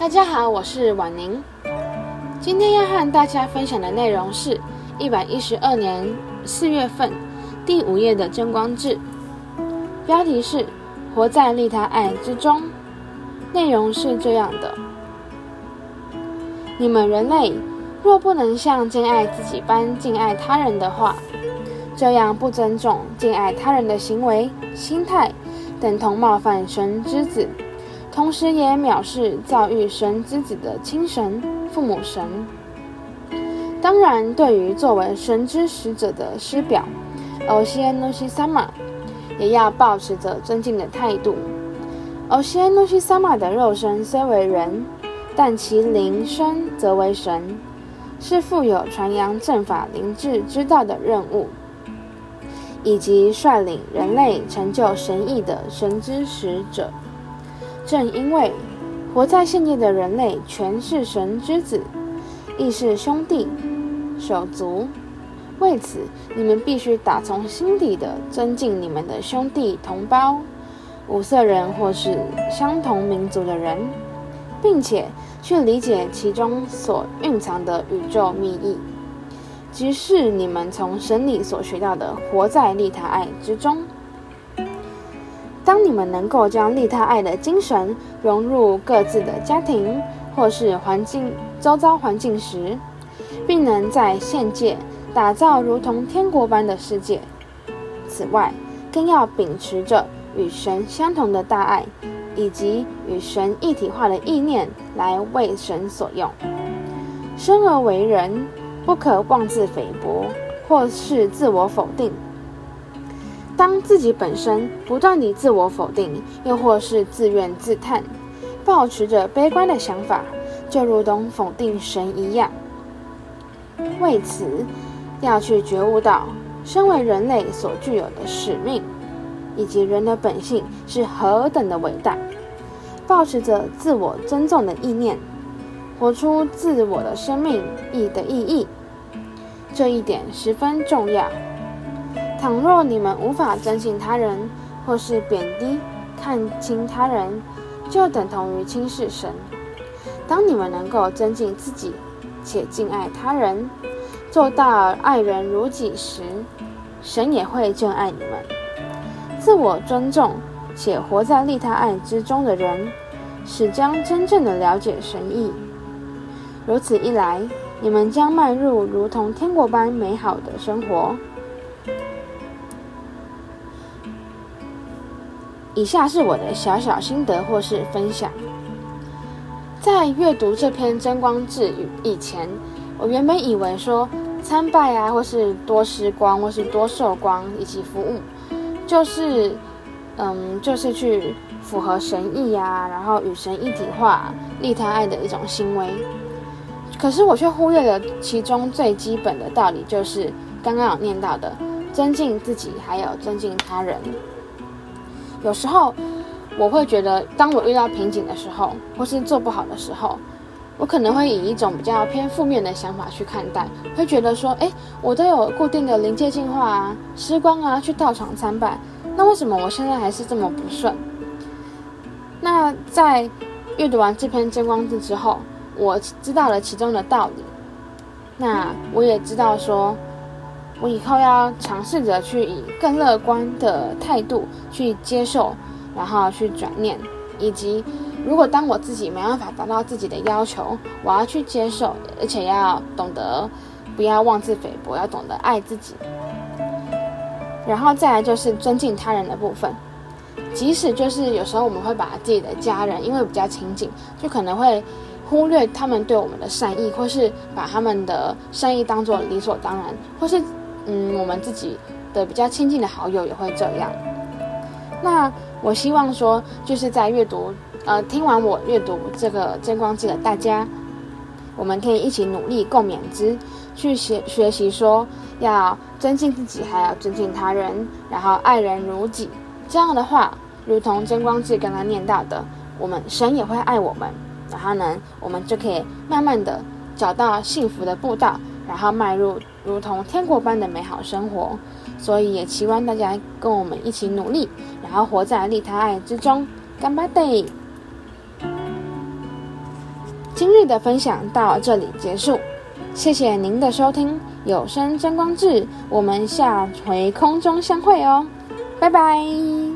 大家好，我是宛凝。今天要和大家分享的內容是一百一十二年四月份第五頁的《真光誌》，標題是“活在利他愛之中”。內容是這樣的：你們人類若不能像敬愛自己般敬愛他人的話，這樣不尊重、敬愛他人的行為、心態，等同冒犯神之子。同時，也藐視造育神之子的親神父母神。當然，對於作為神之使者的師表，歐西安諾西薩瑪，也要保持着尊敬的態度。歐西安諾西薩瑪的肉身雖為人，但其靈身則為神，是負有傳揚正法靈智之道的任務，以及率領人類成就神意的神之使者。正因為活在現界的人類全是神之子，亦是兄弟、手足，為此你們必須打從心底的尊敬你們的兄弟同胞、五色人或是相同民族的人，並且去理解其中所蘊藏的宇宙秘密，即是你們從神裡所學到的，活在利他愛之中。當你們能夠將利他愛的精神融入各自的家庭或是環境、周遭環境時，並能在現界打造如同天國般的世界。此外，更要秉持着與神相同的大愛，以及與神一體化的意念來為神所用。生而為人，不可妄自菲薄或是自我否定。當自己本身不斷地自我否定，又或是自怨自嘆，保持着悲觀的想法，就如同否定神一樣。為此，要去覺悟到身為人類所具有的使命，以及人的本性是何等的偉大，保持着自我尊重的意念，活出自我的生命意的意義，這一點十分重要。倘若你們無法尊敬他人，或是貶低、看輕他人，就等同於輕視神。當你們能夠尊敬自己，且敬愛他人，做到愛人如己時，神也會敬愛你們。自我尊重且活在利他愛之中的人，始將真正的了解神意。如此一來，你們將邁入如同天國般美好的生活。以下是我的小小心得或是分享。在閱讀這篇《真光誌》以前，我原本以為說參拜啊，或是多施光，或是多受光，以及服務，就是，嗯，就是去符合神意啊，然後與神一體化、利他愛的一種行為。可是我卻忽略了其中最基本的道理，就是剛剛有念到的，尊敬自己，還有尊敬他人。有時候我會覺得，當我遇到瓶頸的時候，或是做不好的時候，我可能會以一種比較偏負面的想法去看待，會覺得說：“哎，我都有固定的臨界進化啊、時光啊去道場參拜，那為什麼我現在還是這麼不順？”那在閱讀完這篇《真光誌》之後，我知道了其中的道理，那我也知道說。我以後要嘗試着去以更樂觀的態度去接受，然後去轉念，以及如果當我自己沒辦法達到自己的要求，我要去接受，而且要懂得不要妄自菲薄，要懂得愛自己。然後再來就是尊敬他人的部分，即使就是有時候我們會把自己的家人，因為比較親近，就可能會忽略他們對我們的善意，或是把他們的善意當做理所當然，或是。嗯，我們自己的比較親近的好友也會這樣。那我希望說，就是在閱讀，呃，聽完我閱讀這個《真光誌》的大家，我們可以一起努力共勉之，去學學習說要尊敬自己，還要尊敬他人，然後愛人如己。這樣的話，如同《真光誌》剛剛念到的，我們神也會愛我們，然後呢，我們就可以慢慢的找到幸福的步道，然後邁入。如同天國般的美好生活，所以也期望大家跟我們一起努力，然後活在利他愛之中。乾巴隊，今日的分享到這裡結束，謝謝您的收聽。有聲真光誌，我們下回空中相會哦，拜拜。